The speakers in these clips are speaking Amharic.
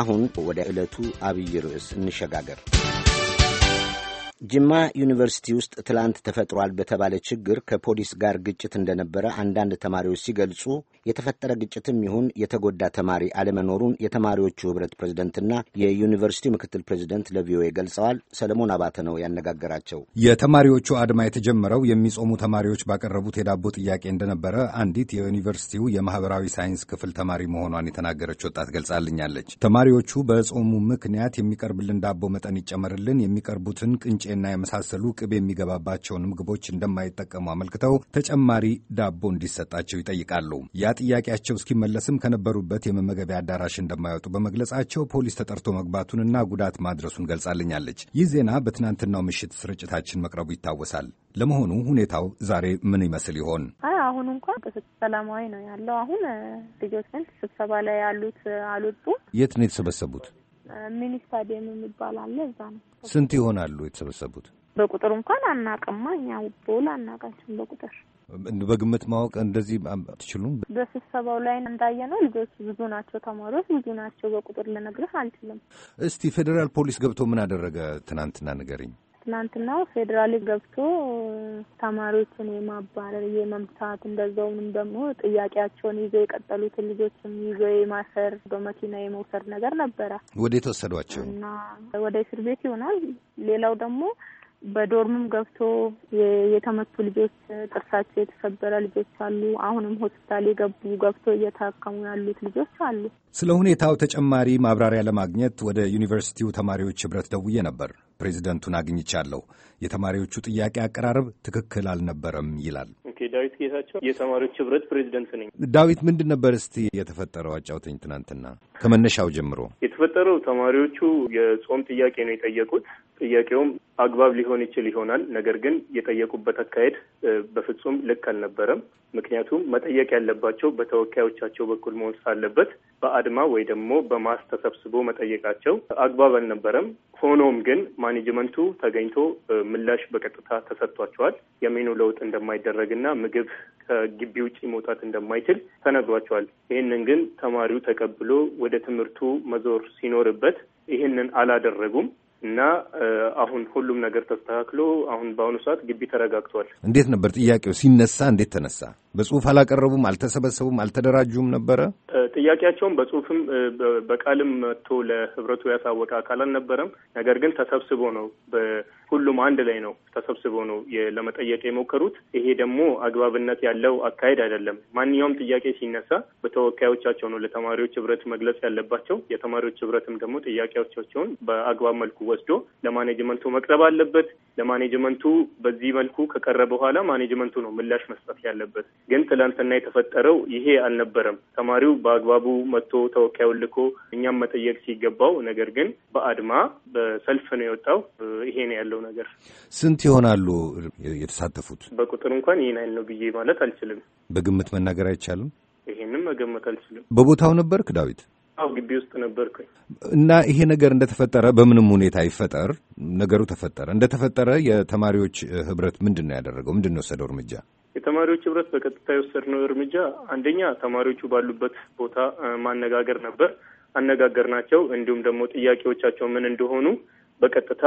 አሁን ወደ ዕለቱ አብይ ርዕስ እንሸጋገር። ጅማ ዩኒቨርሲቲ ውስጥ ትላንት ተፈጥሯል በተባለ ችግር ከፖሊስ ጋር ግጭት እንደነበረ አንዳንድ ተማሪዎች ሲገልጹ የተፈጠረ ግጭትም ይሁን የተጎዳ ተማሪ አለመኖሩን የተማሪዎቹ ህብረት ፕሬዝደንትና የዩኒቨርሲቲው ምክትል ፕሬዝደንት ለቪኦኤ ገልጸዋል። ሰለሞን አባተ ነው ያነጋገራቸው። የተማሪዎቹ አድማ የተጀመረው የሚጾሙ ተማሪዎች ባቀረቡት የዳቦ ጥያቄ እንደነበረ አንዲት የዩኒቨርሲቲው የማህበራዊ ሳይንስ ክፍል ተማሪ መሆኗን የተናገረች ወጣት ገልጻልኛለች። ተማሪዎቹ በጾሙ ምክንያት የሚቀርብልን ዳቦ መጠን ይጨመርልን የሚቀርቡትን ቅንጭ ቅንጬና የመሳሰሉ ቅቤ የሚገባባቸውን ምግቦች እንደማይጠቀሙ አመልክተው ተጨማሪ ዳቦ እንዲሰጣቸው ይጠይቃሉ። ያ ጥያቄያቸው እስኪመለስም ከነበሩበት የመመገቢያ አዳራሽ እንደማይወጡ በመግለጻቸው ፖሊስ ተጠርቶ መግባቱንና ጉዳት ማድረሱን ገልጻልኛለች። ይህ ዜና በትናንትናው ምሽት ስርጭታችን መቅረቡ ይታወሳል። ለመሆኑ ሁኔታው ዛሬ ምን ይመስል ይሆን? አሁን እንኳን ሰላማዊ ነው ያለው። አሁን ልጆች ግን ስብሰባ ላይ ያሉት አልወጡ። የት ነው የተሰበሰቡት? ሚኒ ስታዲየም የሚባል አለ። እዛ ነው። ስንት ይሆናሉ የተሰበሰቡት? በቁጥር እንኳን አናቅማ። እኛ ቦል አናቃችን በቁጥር በግምት ማወቅ እንደዚህ አትችሉም። በስብሰባው ላይ እንዳየ ነው ልጆች ብዙ ናቸው፣ ተማሪዎች ብዙ ናቸው። በቁጥር ልነግርህ አልችልም። እስቲ ፌዴራል ፖሊስ ገብቶ ምን አደረገ ትናንትና ንገሪኝ። ትናንትናው ፌዴራል ገብቶ ተማሪዎችን የማባረር የመምታት እንደዛውም ደግሞ ጥያቄያቸውን ይዘው የቀጠሉትን ልጆችም ይዘው የማሰር በመኪና የመውሰድ ነገር ነበረ። ወደ የተወሰዷቸው እና ወደ እስር ቤት ይሆናል። ሌላው ደግሞ በዶርምም ገብቶ የተመቱ ልጆች ጥርሳቸው የተሰበረ ልጆች አሉ። አሁንም ሆስፒታል የገቡ ገብቶ እየታከሙ ያሉት ልጆች አሉ። ስለ ሁኔታው ተጨማሪ ማብራሪያ ለማግኘት ወደ ዩኒቨርሲቲው ተማሪዎች ህብረት ደውዬ ነበር። ፕሬዚደንቱን አግኝቻለሁ። የተማሪዎቹ ጥያቄ አቀራረብ ትክክል አልነበረም ይላል። ዳዊት ጌታቸው የተማሪዎች ህብረት ፕሬዚደንት ነኝ። ዳዊት ምንድን ነበር እስቲ የተፈጠረው? አጫውተኝ። ትናንትና ከመነሻው ጀምሮ የተፈጠረው ተማሪዎቹ የጾም ጥያቄ ነው የጠየቁት ጥያቄውም አግባብ ሊሆን ይችል ይሆናል። ነገር ግን የጠየቁበት አካሄድ በፍጹም ልክ አልነበረም። ምክንያቱም መጠየቅ ያለባቸው በተወካዮቻቸው በኩል መሆን ሳለበት በአድማ ወይ ደግሞ በማስ ተሰብስቦ መጠየቃቸው አግባብ አልነበረም። ሆኖም ግን ማኔጅመንቱ ተገኝቶ ምላሽ በቀጥታ ተሰጥቷቸዋል። የሜኑ ለውጥ እንደማይደረግና ምግብ ከግቢ ውጭ መውጣት እንደማይችል ተነግሯቸዋል። ይህንን ግን ተማሪው ተቀብሎ ወደ ትምህርቱ መዞር ሲኖርበት ይህንን አላደረጉም። እና አሁን ሁሉም ነገር ተስተካክሎ አሁን በአሁኑ ሰዓት ግቢ ተረጋግቷል። እንዴት ነበር ጥያቄው ሲነሳ? እንዴት ተነሳ? በጽሁፍ አላቀረቡም? አልተሰበሰቡም? አልተደራጁም ነበረ? ጥያቄያቸውን በጽሁፍም በቃልም መጥቶ ለህብረቱ ያሳወቀ አካል አልነበረም። ነገር ግን ተሰብስቦ ነው ሁሉም አንድ ላይ ነው ተሰብስቦ ነው ለመጠየቅ የሞከሩት። ይሄ ደግሞ አግባብነት ያለው አካሄድ አይደለም። ማንኛውም ጥያቄ ሲነሳ በተወካዮቻቸው ነው ለተማሪዎች ህብረት መግለጽ ያለባቸው። የተማሪዎች ህብረትም ደግሞ ጥያቄዎቻቸውን በአግባብ መልኩ ወስዶ ለማኔጅመንቱ መቅረብ አለበት። ለማኔጅመንቱ በዚህ መልኩ ከቀረበ በኋላ ማኔጅመንቱ ነው ምላሽ መስጠት ያለበት። ግን ትላንትና የተፈጠረው ይሄ አልነበረም። ተማሪው በአግባቡ መጥቶ ተወካዩን ልኮ እኛም መጠየቅ ሲገባው፣ ነገር ግን በአድማ በሰልፍ ነው የወጣው። ይሄ ነው ያለው ነገር። ስንት ይሆናሉ የተሳተፉት? በቁጥር እንኳን ይህን አይል ነው ብዬ ማለት አልችልም። በግምት መናገር አይቻልም። ይሄንም መገመት አልችልም። በቦታው ነበርክ ዳዊት? አው ግቢ ውስጥ ነበርኩኝ። እና ይሄ ነገር እንደተፈጠረ በምንም ሁኔታ ይፈጠር ነገሩ ተፈጠረ። እንደተፈጠረ የተማሪዎች ህብረት ምንድን ነው ያደረገው? ምንድን ነው የወሰደው እርምጃ? የተማሪዎች ህብረት በቀጥታ የወሰድነው እርምጃ አንደኛ ተማሪዎቹ ባሉበት ቦታ ማነጋገር ነበር። አነጋገር ናቸው እንዲሁም ደግሞ ጥያቄዎቻቸው ምን እንደሆኑ በቀጥታ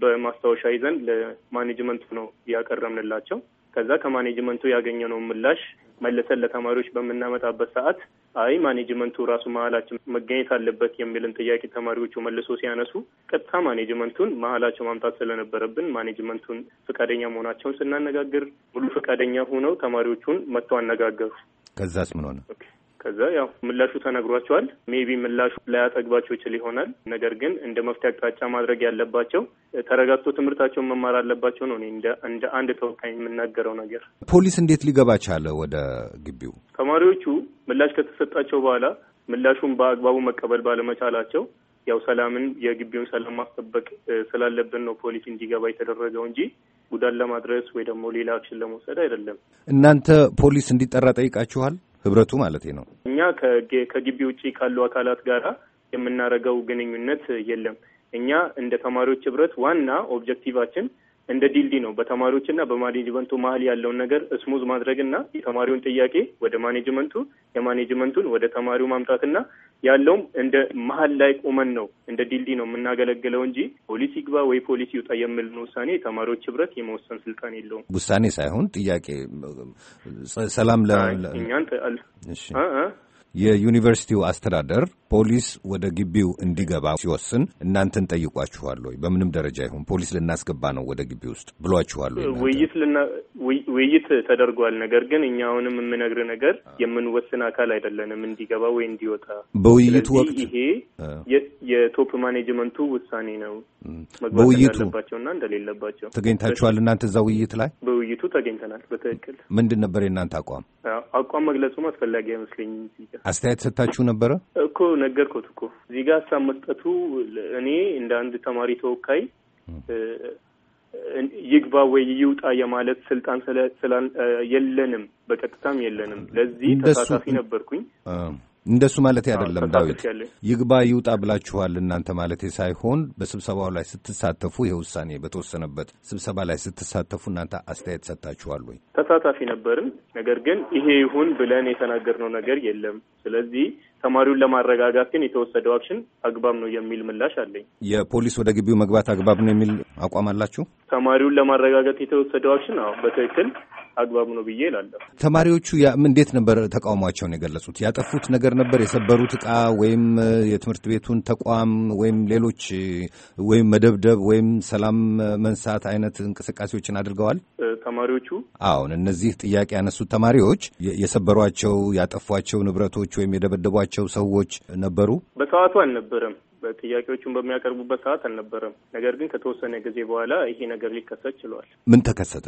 በማስታወሻ ይዘን ለማኔጅመንቱ ነው ያቀረብንላቸው። ከዛ ከማኔጅመንቱ ያገኘነውን ምላሽ መልሰን ለተማሪዎች በምናመጣበት ሰዓት አይ ማኔጅመንቱ ራሱ መሀላችን መገኘት አለበት የሚልን ጥያቄ ተማሪዎቹ መልሶ ሲያነሱ ቀጥታ ማኔጅመንቱን መሀላቸው ማምጣት ስለነበረብን ማኔጅመንቱን ፈቃደኛ መሆናቸውን ስናነጋግር ሙሉ ፈቃደኛ ሆነው ተማሪዎቹን መጥተው አነጋገሩ። ከዛስ ምን ሆነ? ከዛ ያው ምላሹ ተነግሯቸዋል። ሜቢ ምላሹ ላያጠግባቸው ይችል ይሆናል። ነገር ግን እንደ መፍትሄ አቅጣጫ ማድረግ ያለባቸው ተረጋግቶ ትምህርታቸውን መማር አለባቸው ነው እኔ እንደ አንድ ተወካይ የምናገረው ነገር። ፖሊስ እንዴት ሊገባ ቻለ ወደ ግቢው? ተማሪዎቹ ምላሽ ከተሰጣቸው በኋላ ምላሹን በአግባቡ መቀበል ባለመቻላቸው ያው ሰላምን የግቢውን ሰላም ማስጠበቅ ስላለብን ነው ፖሊስ እንዲገባ የተደረገው እንጂ ጉዳት ለማድረስ ወይ ደግሞ ሌላ አክሽን ለመውሰድ አይደለም። እናንተ ፖሊስ እንዲጠራ ጠይቃችኋል? ህብረቱ ማለት ነው። እኛ ከግቢ ውጭ ካሉ አካላት ጋር የምናደርገው ግንኙነት የለም። እኛ እንደ ተማሪዎች ህብረት ዋና ኦብጀክቲቫችን እንደ ድልድይ ነው በተማሪዎች እና በማኔጅመንቱ መሀል ያለውን ነገር እስሙዝ ማድረግ እና የተማሪውን ጥያቄ ወደ ማኔጅመንቱ የማኔጅመንቱን ወደ ተማሪው ማምጣትና ያለውም እንደ መሀል ላይ ቆመን ነው እንደ ድልድይ ነው የምናገለግለው እንጂ ፖሊስ ይግባ ወይ ፖሊስ ይውጣ የሚልን ውሳኔ የተማሪዎች ህብረት የመወሰን ስልጣን የለውም። ውሳኔ ሳይሆን ጥያቄ ሰላም ለእኛን የዩኒቨርሲቲው አስተዳደር ፖሊስ ወደ ግቢው እንዲገባ ሲወስን እናንተን ጠይቋችኋል ወይ? በምንም ደረጃ ይሁን ፖሊስ ልናስገባ ነው ወደ ግቢ ውስጥ ብሏችኋል ወይ? ውይይት ውይይት ተደርጓል። ነገር ግን እኛ አሁንም የምነግር ነገር የምንወስን አካል አይደለንም እንዲገባ ወይ እንዲወጣ። በውይይቱ ወቅት ይሄ የቶፕ ማኔጅመንቱ ውሳኔ ነው። መግባት እንዳለባቸውና እንደሌለባቸው ተገኝታችኋል። እናንተ እዛ ውይይት ላይ በውይይቱ ተገኝተናል። በትክክል ምንድን ነበር የእናንተ አቋም? አቋም መግለጹም አስፈላጊ አይመስለኝም። አስተያየት ሰጥታችሁ ነበረ እኮ ነገርኩት እኮ እዚህ ጋር ሀሳብ መስጠቱ እኔ እንደ አንድ ተማሪ ተወካይ ይግባ ወይ ይውጣ የማለት ስልጣን ስለ የለንም፣ በቀጥታም የለንም። ለዚህ ተሳታፊ ነበርኩኝ። እንደሱ ማለት አይደለም ዳዊት። ይግባ ይውጣ ብላችኋል እናንተ ማለት ሳይሆን በስብሰባው ላይ ስትሳተፉ ይህ ውሳኔ በተወሰነበት ስብሰባ ላይ ስትሳተፉ እናንተ አስተያየት ሰጥታችኋል ወይ? ተሳታፊ ነበርን። ነገር ግን ይሄ ይሁን ብለን የተናገርነው ነገር የለም። ስለዚህ ተማሪውን ለማረጋጋት ግን የተወሰደው አክሽን አግባብ ነው የሚል ምላሽ አለኝ። የፖሊስ ወደ ግቢው መግባት አግባብ ነው የሚል አቋም አላችሁ? ተማሪውን ለማረጋጋት የተወሰደው አክሽን አዎ በትክክል አግባብ ነው ብዬ እላለሁ። ተማሪዎቹ እንዴት ነበር ተቃውሟቸውን የገለጹት? ያጠፉት ነገር ነበር? የሰበሩት ዕቃ ወይም የትምህርት ቤቱን ተቋም ወይም ሌሎች ወይም መደብደብ ወይም ሰላም መንሳት አይነት እንቅስቃሴዎችን አድርገዋል ተማሪዎቹ? አሁን እነዚህ ጥያቄ ያነሱት ተማሪዎች የሰበሯቸው ያጠፏቸው ንብረቶች ወይም የደበደቧቸው ሰዎች ነበሩ? በሰዓቱ አልነበረም። ጥያቄዎቹን በሚያቀርቡበት ሰዓት አልነበረም። ነገር ግን ከተወሰነ ጊዜ በኋላ ይሄ ነገር ሊከሰት ችሏል። ምን ተከሰተ?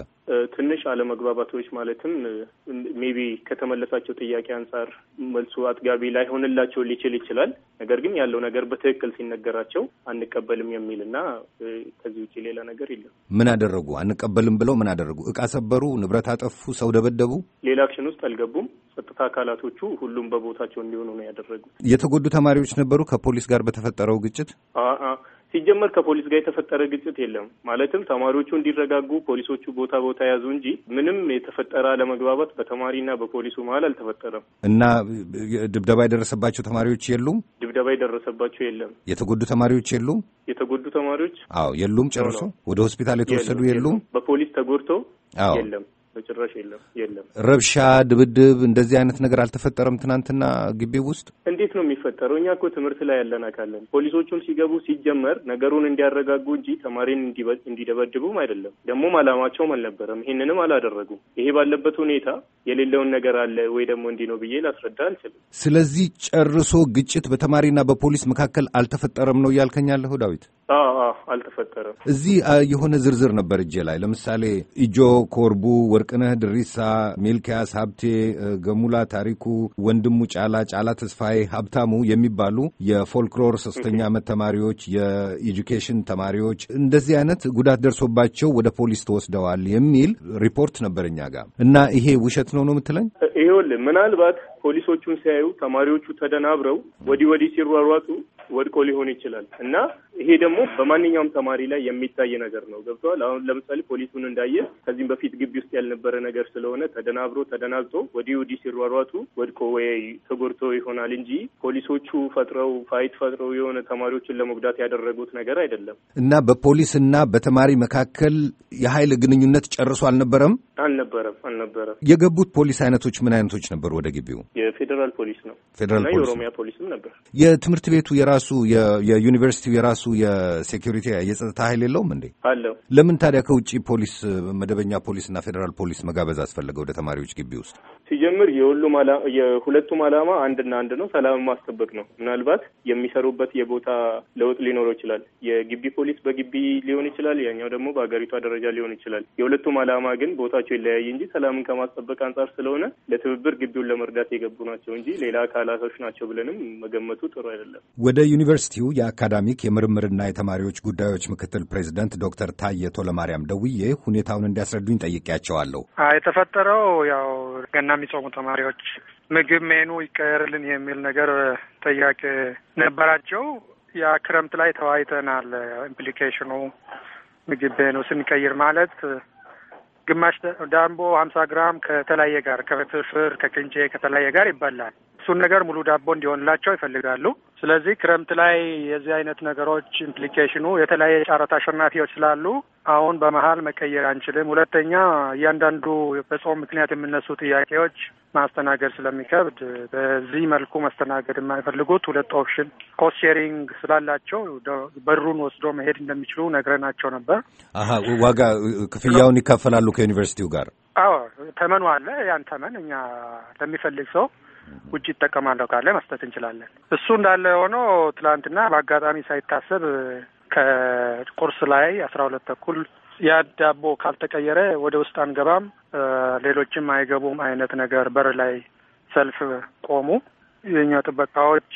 ትንሽ አለመግባባቶች ማለትም ሜቢ ከተመለሳቸው ጥያቄ አንጻር መልሱ አጥጋቢ ላይሆንላቸው ሊችል ይችላል። ነገር ግን ያለው ነገር በትክክል ሲነገራቸው አንቀበልም የሚል እና ከዚህ ውጭ ሌላ ነገር የለም። ምን አደረጉ? አንቀበልም ብለው ምን አደረጉ? እቃ ሰበሩ? ንብረት አጠፉ? ሰው ደበደቡ? ሌላ አክሽን ውስጥ አልገቡም። ጸጥታ አካላቶቹ ሁሉም በቦታቸው እንዲሆኑ ነው ያደረጉት። የተጎዱ ተማሪዎች ነበሩ ከፖሊስ ጋር በተፈጠረው ግጭት። ሲጀመር ከፖሊስ ጋር የተፈጠረ ግጭት የለም። ማለትም ተማሪዎቹ እንዲረጋጉ ፖሊሶቹ ቦታ ቦታ ያዙ እንጂ ምንም የተፈጠረ አለመግባባት በተማሪና በፖሊሱ መሀል አልተፈጠረም። እና ድብደባ የደረሰባቸው ተማሪዎች የሉም። ድብደባ የደረሰባቸው የለም። የተጎዱ ተማሪዎች የሉም። የተጎዱ ተማሪዎች አዎ፣ የሉም። ጨርሶ ወደ ሆስፒታል የተወሰዱ የሉም። በፖሊስ ተጎድቶ የለም። በጭራሽ የለም የለም። ረብሻ፣ ድብድብ እንደዚህ አይነት ነገር አልተፈጠረም። ትናንትና ግቢው ውስጥ እንዴት ነው የሚፈጠረው? እኛ እኮ ትምህርት ላይ ያለን አካለን ፖሊሶቹም ሲገቡ ሲጀመር ነገሩን እንዲያረጋጉ እንጂ ተማሪን እንዲደበድቡም አይደለም። ደግሞም አላማቸውም አልነበረም። ይህንንም አላደረጉም። ይሄ ባለበት ሁኔታ የሌለውን ነገር አለ ወይ ደግሞ እንዲህ ነው ብዬ ላስረዳ አልችልም። ስለዚህ ጨርሶ ግጭት በተማሪና በፖሊስ መካከል አልተፈጠረም ነው እያልከኛለሁ ዳዊት? አልተፈጠረም። እዚህ የሆነ ዝርዝር ነበር እጄ ላይ ለምሳሌ ኢጆ ኮርቡ፣ ወርቅ ወርቅነህ ድሪሳ፣ ሚልኪያስ ሀብቴ፣ ገሙላ ታሪኩ፣ ወንድሙ ጫላ፣ ጫላ ተስፋዬ፣ ሀብታሙ የሚባሉ የፎልክሎር ሶስተኛ ዓመት ተማሪዎች፣ የኤጁኬሽን ተማሪዎች እንደዚህ አይነት ጉዳት ደርሶባቸው ወደ ፖሊስ ተወስደዋል የሚል ሪፖርት ነበር እኛ ጋር እና ይሄ ውሸት ነው ነው የምትለኝ? ይኸውልህ ምናልባት ፖሊሶቹን ሲያዩ ተማሪዎቹ ተደናብረው ወዲህ ወዲህ ሲሯሯጡ ወድቆ ሊሆን ይችላል እና ይሄ ደግሞ በማንኛውም ተማሪ ላይ የሚታይ ነገር ነው። ገብቷል። አሁን ለምሳሌ ፖሊሱን እንዳየ ከዚህም በፊት ግቢ ውስጥ ያልነበረ ነገር ስለሆነ ተደናብሮ ተደናግጦ ወዲህ ወዲህ ሲሯሯጡ ወድቆ ወይ ተጎድቶ ይሆናል እንጂ ፖሊሶቹ ፈጥረው ፋይት ፈጥረው የሆነ ተማሪዎችን ለመጉዳት ያደረጉት ነገር አይደለም እና በፖሊስና በተማሪ መካከል የኃይል ግንኙነት ጨርሶ አልነበረም አልነበረም አልነበረም። የገቡት ፖሊስ አይነቶች ምን አይነቶች ነበሩ? ወደ ግቢው የፌዴራል ፖሊስ ነው ፌዴራል ፖሊስ የኦሮሚያ ፖሊስም ነበር። የትምህርት ቤቱ የራ የራሱ የዩኒቨርሲቲው የራሱ የሴኪሪቲ የጸጥታ ኃይል የለውም እንዴ? አለው። ለምን ታዲያ ከውጭ ፖሊስ መደበኛ ፖሊስና ፌዴራል ፖሊስ መጋበዝ አስፈለገ ወደ ተማሪዎች ግቢ ውስጥ? ሲጀምር የሁሉም የሁለቱም ዓላማ አንድና አንድ ነው፣ ሰላም ማስጠበቅ ነው። ምናልባት የሚሰሩበት የቦታ ለውጥ ሊኖረው ይችላል። የግቢ ፖሊስ በግቢ ሊሆን ይችላል፣ ያኛው ደግሞ በሀገሪቷ ደረጃ ሊሆን ይችላል። የሁለቱም ዓላማ ግን ቦታቸው ይለያይ እንጂ ሰላምን ከማስጠበቅ አንጻር ስለሆነ ለትብብር ግቢውን ለመርዳት የገቡ ናቸው እንጂ ሌላ አካላቶች ናቸው ብለንም መገመቱ ጥሩ አይደለም። ወደ ዩኒቨርሲቲው የአካዳሚክ የምርምርና የተማሪዎች ጉዳዮች ምክትል ፕሬዚደንት ዶክተር ታየ ቶለማርያም ደውዬ ሁኔታውን እንዲያስረዱኝ ጠይቄያቸዋለሁ። የተፈጠረው ያው ገና የሚጾሙ ተማሪዎች ምግብ ሜኑ ይቀየርልን የሚል ነገር ጥያቄ ነበራቸው። ያ ክረምት ላይ ተወያይተናል። ኢምፕሊኬሽኑ ምግብ ሜኑ ስንቀይር ማለት ግማሽ ዳምቦ ሀምሳ ግራም ከተለያየ ጋር ከፍርፍር ከቅንጬ ከተለያየ ጋር ይበላል እሱን ነገር ሙሉ ዳቦ እንዲሆንላቸው ይፈልጋሉ። ስለዚህ ክረምት ላይ የዚህ አይነት ነገሮች ኢምፕሊኬሽኑ የተለያየ ጨረታ አሸናፊዎች ስላሉ አሁን በመሀል መቀየር አንችልም። ሁለተኛ እያንዳንዱ በጾም ምክንያት የሚነሱ ጥያቄዎች ማስተናገድ ስለሚከብድ በዚህ መልኩ ማስተናገድ የማይፈልጉት ሁለት ኦፕሽን ኮስት ሼሪንግ ስላላቸው በሩን ወስዶ መሄድ እንደሚችሉ ነግረናቸው ነበር። አሀ ዋጋ ክፍያውን ይካፈላሉ ከዩኒቨርሲቲው ጋር። አዎ ተመኑ አለ። ያን ተመን እኛ ለሚፈልግ ሰው ውጭ ይጠቀማለሁ ካለ መስጠት እንችላለን። እሱ እንዳለ ሆኖ ትላንትና በአጋጣሚ ሳይታሰብ ከቁርስ ላይ አስራ ሁለት ተኩል ያ ዳቦ ካልተቀየረ ወደ ውስጥ አንገባም፣ ሌሎችም አይገቡም አይነት ነገር በር ላይ ሰልፍ ቆሙ። የኛ ጥበቃዎች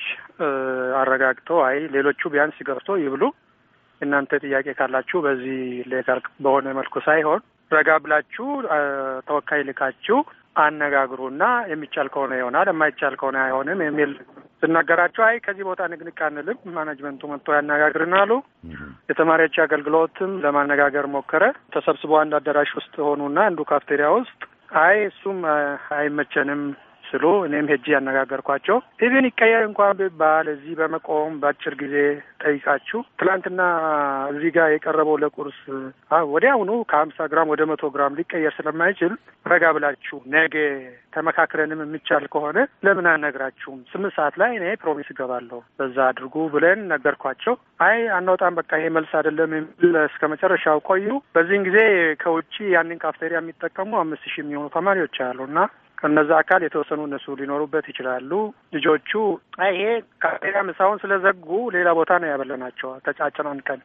አረጋግቶ አይ ሌሎቹ ቢያንስ ገብቶ ይብሉ፣ እናንተ ጥያቄ ካላችሁ በዚህ ሌጋል በሆነ መልኩ ሳይሆን ረጋ ብላችሁ ተወካይ ልካችሁ አነጋግሩና የሚቻል ከሆነ ይሆናል፣ የማይቻል ከሆነ አይሆንም የሚል ስናገራቸው አይ ከዚህ ቦታ ንቅንቅ አንልም፣ ማናጅመንቱ መጥቶ ያነጋግርን አሉ። የተማሪዎች አገልግሎትም ለማነጋገር ሞከረ። ተሰብስቦ አንድ አዳራሽ ውስጥ ሆኑና አንዱ ካፍቴሪያ ውስጥ አይ እሱም አይመቸንም ስሉ እኔም ሄጄ ያነጋገርኳቸው ኢቭን ይቀየር እንኳን ቢባል እዚህ በመቆም በአጭር ጊዜ ጠይቃችሁ ትላንትና እዚህ ጋር የቀረበው ለቁርስ ወዲያውኑ ከሀምሳ ግራም ወደ መቶ ግራም ሊቀየር ስለማይችል ረጋ ብላችሁ ነገ ተመካክረንም የሚቻል ከሆነ ለምን አነግራችሁም? ስምንት ሰዓት ላይ እኔ ፕሮሚስ እገባለሁ በዛ አድርጉ ብለን ነገርኳቸው። አይ አናወጣም፣ በቃ ይሄ መልስ አይደለም የሚል እስከ መጨረሻው ቆዩ። በዚህን ጊዜ ከውጭ ያንን ካፍቴሪያ የሚጠቀሙ አምስት ሺህ የሚሆኑ ተማሪዎች አሉ እና እነዛ አካል የተወሰኑ እነሱ ሊኖሩበት ይችላሉ። ልጆቹ ይሄ ካፌቴሪያ ምሳውን ስለዘጉ ሌላ ቦታ ነው ያበለናቸው ቀን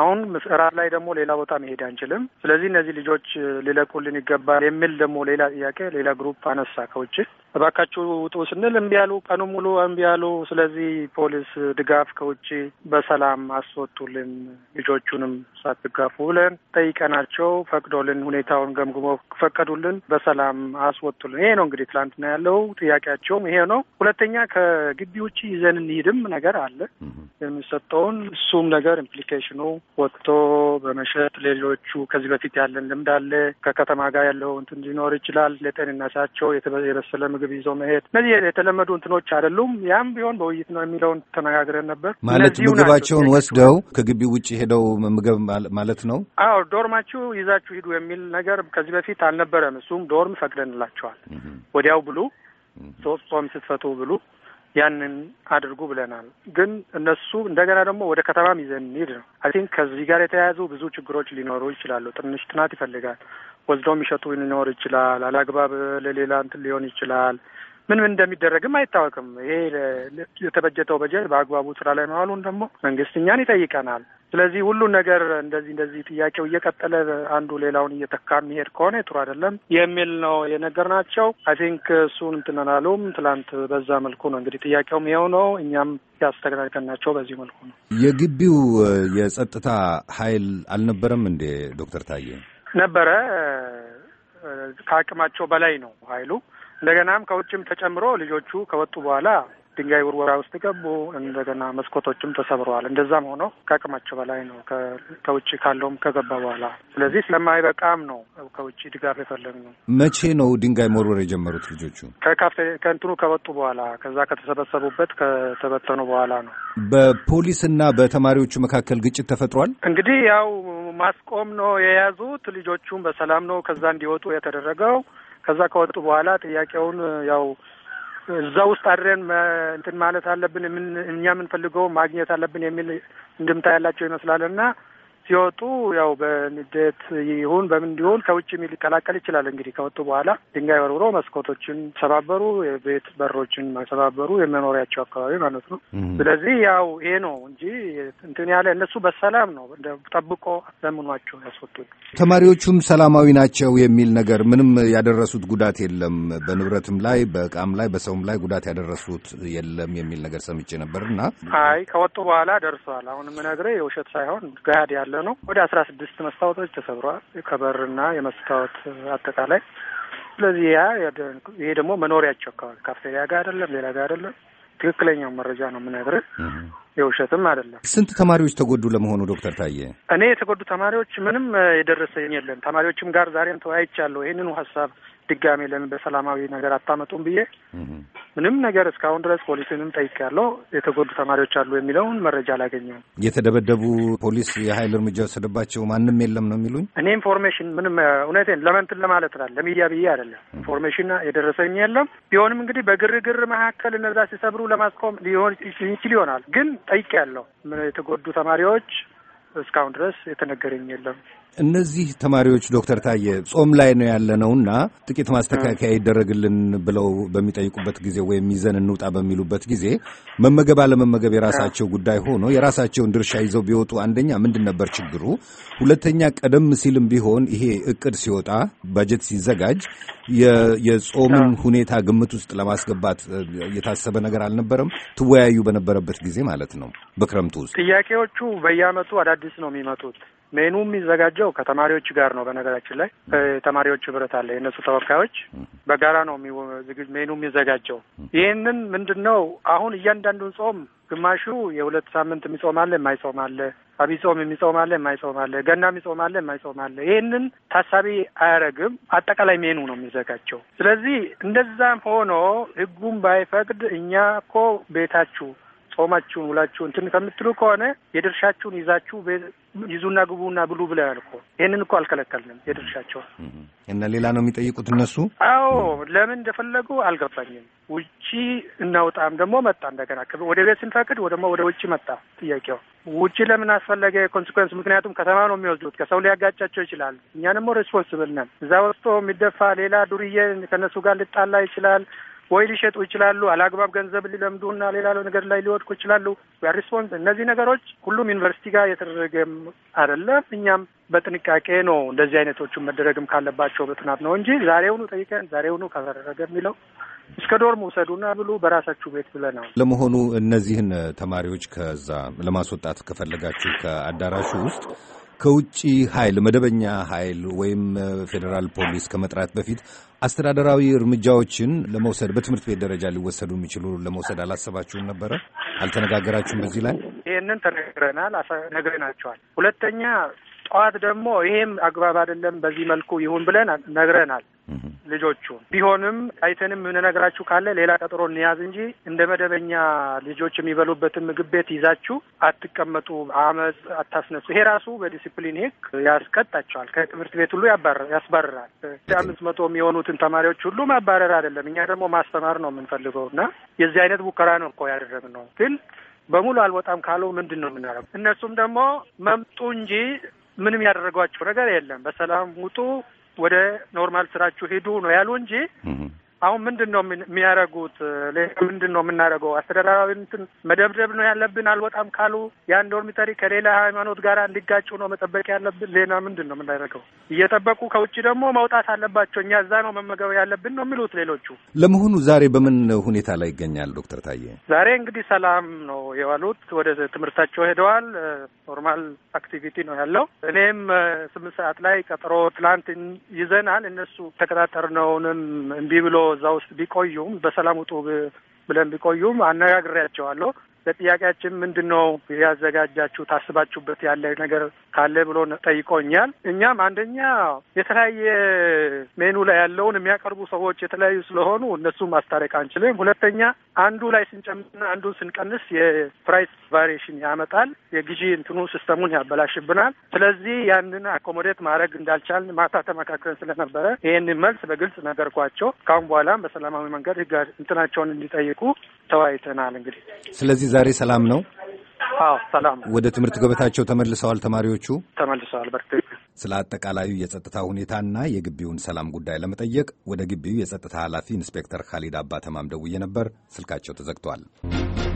አሁን እራት ላይ ደግሞ ሌላ ቦታ መሄድ አንችልም። ስለዚህ እነዚህ ልጆች ሊለቁልን ይገባል የሚል ደግሞ ሌላ ጥያቄ ሌላ ግሩፕ አነሳ ከውጭ እባካችሁ ውጡ ስንል እምቢ ያሉ፣ ቀኑ ሙሉ እምቢ ያሉ። ስለዚህ ፖሊስ ድጋፍ ከውጭ በሰላም አስወጡልን ልጆቹንም ሳትጋፉ ብለን ጠይቀናቸው ፈቅዶልን ሁኔታውን ገምግሞ ፈቀዱልን፣ በሰላም አስወጡልን። ይሄ ነው እንግዲህ ትላንትና ያለው ጥያቄያቸውም ይሄ ነው። ሁለተኛ ከግቢ ውጭ ይዘን እንሂድም ነገር አለ የሚሰጠውን እሱም ነገር ኢምፕሊኬሽኑ ወጥቶ በመሸጥ ሌሎቹ ከዚህ በፊት ያለን ልምድ አለ ከከተማ ጋር ያለው እንትን ሊኖር ይችላል። ለጤንነታቸው የበሰለ ምግብ ምግብ ይዞ መሄድ፣ እነዚህ የተለመዱ እንትኖች አይደሉም። ያም ቢሆን በውይይት ነው የሚለውን ተነጋግረን ነበር። ማለት ምግባቸውን ወስደው ከግቢ ውጭ ሄደው ምግብ ማለት ነው። አዎ ዶርማችሁ ይዛችሁ ሂዱ የሚል ነገር ከዚህ በፊት አልነበረም። እሱም ዶርም ፈቅደንላቸዋል። ወዲያው ብሉ፣ ሶስት ጾም ስትፈቱ ብሉ ያንን አድርጉ ብለናል። ግን እነሱ እንደገና ደግሞ ወደ ከተማም ይዘን እንሂድ ነው። አይ ቲንክ ከዚህ ጋር የተያያዙ ብዙ ችግሮች ሊኖሩ ይችላሉ። ትንሽ ጥናት ይፈልጋል። ወስደው የሚሸጡ ሊኖር ይችላል። አላግባብ ለሌላ እንትን ሊሆን ይችላል። ምን ምን እንደሚደረግም አይታወቅም። ይሄ የተበጀተው በጀት በአግባቡ ስራ ላይ መዋሉን ደግሞ መንግስት እኛን ይጠይቀናል። ስለዚህ ሁሉን ነገር እንደዚህ እንደዚህ ጥያቄው እየቀጠለ አንዱ ሌላውን እየተካ የሚሄድ ከሆነ ጥሩ አይደለም የሚል ነው የነገርናቸው። አይ ቲንክ እሱን እንትንናሉም ትላንት በዛ መልኩ ነው እንግዲህ ጥያቄውም ይኸው ነው። እኛም ያስተናገድናቸው በዚህ መልኩ ነው። የግቢው የጸጥታ ኃይል አልነበረም እንዴ ዶክተር ታዬ? ነበረ። ከአቅማቸው በላይ ነው ኃይሉ። እንደገናም ከውጭም ተጨምሮ ልጆቹ ከወጡ በኋላ ድንጋይ ውርወራ ውስጥ ገቡ። እንደገና መስኮቶችም ተሰብረዋል። እንደዛም ሆኖ ከአቅማቸው በላይ ነው ከውጭ ካለውም ከገባ በኋላ። ስለዚህ ስለማይበቃም ነው ከውጭ ድጋፍ ነው። መቼ ነው ድንጋይ መወርወር የጀመሩት ልጆቹ? ከካፍቴ ከእንትኑ ከወጡ በኋላ ከዛ ከተሰበሰቡበት ከተበተኑ በኋላ ነው። በፖሊስና በተማሪዎቹ መካከል ግጭት ተፈጥሯል። እንግዲህ ያው ማስቆም ነው የያዙት። ልጆቹም በሰላም ነው ከዛ እንዲወጡ የተደረገው። ከዛ ከወጡ በኋላ ጥያቄውን ያው እዛ ውስጥ አድረን እንትን ማለት አለብን። እኛ የምንፈልገው ማግኘት አለብን የሚል እንድምታ ያላቸው ይመስላል እና ሲወጡ ያው በንዴት ይሁን በምን እንዲሆን ከውጭም ሊቀላቀል ይችላል። እንግዲህ ከወጡ በኋላ ድንጋይ ወርውሮ መስኮቶችን ሰባበሩ፣ የቤት በሮችን ሰባበሩ፣ የመኖሪያቸው አካባቢ ማለት ነው። ስለዚህ ያው ይሄ ነው እንጂ እንትን ያለ እነሱ በሰላም ነው ጠብቆ ለምኗቸው ያስወጡ። ተማሪዎቹም ሰላማዊ ናቸው የሚል ነገር ምንም ያደረሱት ጉዳት የለም፣ በንብረትም ላይ በእቃም ላይ በሰውም ላይ ጉዳት ያደረሱት የለም የሚል ነገር ሰምቼ ነበር እና አይ ከወጡ በኋላ ደርሰዋል። አሁን የምነግርህ የውሸት ሳይሆን ገሃድ ያለ ነው። ወደ አስራ ስድስት መስታወቶች ተሰብረዋል፣ ከበርና የመስታወት አጠቃላይ። ስለዚህ ያ ይሄ ደግሞ መኖሪያቸው አካባቢ ካፍቴሪያ ጋር አይደለም፣ ሌላ ጋር አይደለም። ትክክለኛው መረጃ ነው የምነግርህ፣ የውሸትም አይደለም። ስንት ተማሪዎች ተጎዱ ለመሆኑ ዶክተር ታዬ? እኔ የተጎዱ ተማሪዎች ምንም የደረሰኝ የለም። ተማሪዎችም ጋር ዛሬም ተወያይቻለሁ። ይህንኑ ሀሳብ ድጋሜ ለምን በሰላማዊ ነገር አታመጡም ብዬ ምንም ነገር እስካሁን ድረስ ፖሊስንም ጠይቄያለሁ። የተጎዱ ተማሪዎች አሉ የሚለውን መረጃ አላገኘም። የተደበደቡ ፖሊስ የኃይል እርምጃ ወሰደባቸው ማንም የለም ነው የሚሉኝ። እኔ ኢንፎርሜሽን ምንም እውነቴን ለመንትን ለማለት ላል ለሚዲያ ብዬ አይደለም ኢንፎርሜሽን የደረሰኝ የለም። ቢሆንም እንግዲህ በግርግር መካከል እነዛ ሲሰብሩ ለማስቆም ሊሆን ይችል ይሆናል። ግን ጠይቄያለሁ የተጎዱ ተማሪዎች እስካሁን ድረስ የተነገረኝ የለም። እነዚህ ተማሪዎች ዶክተር ታዬ ጾም ላይ ነው ያለነውና ጥቂት ማስተካከያ ይደረግልን ብለው በሚጠይቁበት ጊዜ ወይም ይዘን እንውጣ በሚሉበት ጊዜ መመገብ አለመመገብ የራሳቸው ጉዳይ ሆኖ የራሳቸውን ድርሻ ይዘው ቢወጡ አንደኛ ምንድን ነበር ችግሩ? ሁለተኛ ቀደም ሲልም ቢሆን ይሄ እቅድ ሲወጣ ባጀት ሲዘጋጅ የጾምን ሁኔታ ግምት ውስጥ ለማስገባት የታሰበ ነገር አልነበረም። ትወያዩ በነበረበት ጊዜ ማለት ነው። በክረምቱ ውስጥ ጥያቄዎቹ በየዓመቱ አዳዲስ ነው የሚመጡት ሜኑ የሚዘጋጀው ከተማሪዎች ጋር ነው። በነገራችን ላይ ተማሪዎች ህብረት አለ። የእነሱ ተወካዮች በጋራ ነው ሜኑ የሚዘጋጀው። ይህንን ምንድን ነው አሁን እያንዳንዱን ጾም ግማሹ የሁለት ሳምንት የሚጾም አለ፣ የማይጾም አለ፣ አብይ ጾም የሚጾም አለ፣ የማይጾም አለ፣ ገና የሚጾም አለ፣ የማይጾም አለ። ይህንን ታሳቢ አያረግም። አጠቃላይ ሜኑ ነው የሚዘጋጀው። ስለዚህ እንደዛም ሆኖ ህጉም ባይፈቅድ እኛ እኮ ቤታችሁ ጾማችሁን ውላችሁ እንትን ከምትሉ ከሆነ የድርሻችሁን ይዛችሁ ይዙና ግቡና ብሉ ብለዋል እኮ። ይህንን እኮ አልከለከልንም የድርሻቸውን እና ሌላ ነው የሚጠይቁት እነሱ። አዎ ለምን እንደፈለጉ አልገባኝም። ውጪ እናውጣም ደግሞ መጣ እንደገና ወደ ቤት ስንፈቅድ ደግሞ ወደ ውጭ መጣ ጥያቄው። ውጭ ለምን አስፈለገ? ኮንስኮንስ ምክንያቱም ከተማ ነው የሚወስዱት። ከሰው ሊያጋጫቸው ይችላል። እኛ ደግሞ ሬስፖንስብል ነን። እዛ ወስጦ የሚደፋ ሌላ ዱርዬ ከእነሱ ጋር ልጣላ ይችላል ወይ ሊሸጡ ይችላሉ። አላግባብ ገንዘብ ሊለምዱና ሌላ ነገር ላይ ሊወድቁ ይችላሉ። ሪስፖንስ እነዚህ ነገሮች ሁሉም ዩኒቨርሲቲ ጋር የተደረገም አይደለም። እኛም በጥንቃቄ ነው እንደዚህ አይነቶቹን መደረግም ካለባቸው በጥናት ነው እንጂ ዛሬውኑ ጠይቀን ዛሬውኑ ካላደረገ የሚለው እስከ ዶርም ውሰዱና ብሉ በራሳችሁ ቤት ብለናል። ለመሆኑ እነዚህን ተማሪዎች ከዛ ለማስወጣት ከፈለጋችሁ ከአዳራሹ ውስጥ ከውጭ ኃይል መደበኛ ኃይል ወይም ፌዴራል ፖሊስ ከመጥራት በፊት አስተዳደራዊ እርምጃዎችን ለመውሰድ በትምህርት ቤት ደረጃ ሊወሰዱ የሚችሉ ለመውሰድ አላሰባችሁም ነበረ? አልተነጋገራችሁም? በዚህ ላይ ይህንን ተነግረናል፣ ነግረናቸዋል። ሁለተኛ ጠዋት ደግሞ ይሄም አግባብ አይደለም፣ በዚህ መልኩ ይሁን ብለን ነግረናል። ልጆቹ ቢሆንም አይተንም የምንነግራችሁ ካለ ሌላ ቀጠሮ እንያዝ እንጂ እንደ መደበኛ ልጆች የሚበሉበትን ምግብ ቤት ይዛችሁ አትቀመጡ፣ አመፅ አታስነሱ። ይሄ ራሱ በዲሲፕሊን ሕግ ያስቀጣቸዋል። ከትምህርት ቤት ሁሉ ያስባርራል። አምስት መቶ የሚሆኑትን ተማሪዎች ሁሉ ማባረር አይደለም፣ እኛ ደግሞ ማስተማር ነው የምንፈልገው እና የዚህ አይነት ሙከራ ነው እኮ ነው። ግን በሙሉ አልወጣም ካሉ ምንድን ነው የምናደርገው? እነሱም ደግሞ መምጡ እንጂ ምንም ያደረጓቸው ነገር የለም። በሰላም ውጡ፣ ወደ ኖርማል ስራችሁ ሄዱ ነው ያሉ እንጂ አሁን ምንድን ነው የሚያደርጉት? ምንድን ነው የምናደርገው? አስተዳደራዊ እንትን መደብደብ ነው ያለብን። አልወጣም ካሉ የአንድ ዶርሚተሪ ከሌላ ሃይማኖት ጋር እንዲጋጩ ነው መጠበቅ ያለብን። ሌላ ምንድን ነው የምናደርገው? እየጠበቁ ከውጭ ደግሞ መውጣት አለባቸው። እኛ እዛ ነው መመገብ ያለብን ነው የሚሉት ሌሎቹ። ለመሆኑ ዛሬ በምን ሁኔታ ላይ ይገኛል ዶክተር ታዬ? ዛሬ እንግዲህ ሰላም ነው የዋሉት። ወደ ትምህርታቸው ሄደዋል። ኖርማል አክቲቪቲ ነው ያለው። እኔም ስምንት ሰዓት ላይ ቀጠሮ ትላንት ይዘናል። እነሱ ተቀጣጠርነውንም እምቢ ብሎ እዛ ውስጥ ቢቆዩም በሰላም ውጡ ብለን ቢቆዩም አነጋግሬያቸዋለሁ። ለጥያቄያችን ምንድን ነው ያዘጋጃችሁ ታስባችሁበት ያለ ነገር ካለ ብሎ ጠይቆኛል። እኛም አንደኛ የተለያየ ሜኑ ላይ ያለውን የሚያቀርቡ ሰዎች የተለያዩ ስለሆኑ እነሱ ማስታረቅ አንችልም። ሁለተኛ አንዱ ላይ ስንጨምርና አንዱን ስንቀንስ የፕራይስ ቫሪሽን ያመጣል። የግዢ እንትኑ ሲስተሙን ያበላሽብናል። ስለዚህ ያንን አኮሞዴት ማድረግ እንዳልቻልን ማታ ተመካክረን ስለነበረ ይህንን መልስ በግልጽ ነገርኳቸው። ካሁን በኋላም በሰላማዊ መንገድ ህግ እንትናቸውን እንዲጠይቁ ተወያይተናል። እንግዲህ ስለዚህ ዛሬ ሰላም ነው? አዎ ሰላም። ወደ ትምህርት ገበታቸው ተመልሰዋል ተማሪዎቹ? ተመልሰዋል። በርትክክል ስለ አጠቃላዩ የጸጥታ ሁኔታና የግቢውን ሰላም ጉዳይ ለመጠየቅ ወደ ግቢው የጸጥታ ኃላፊ ኢንስፔክተር ካሊድ አባ ተማም ደውዬ ነበር። ስልካቸው ተዘግቷል።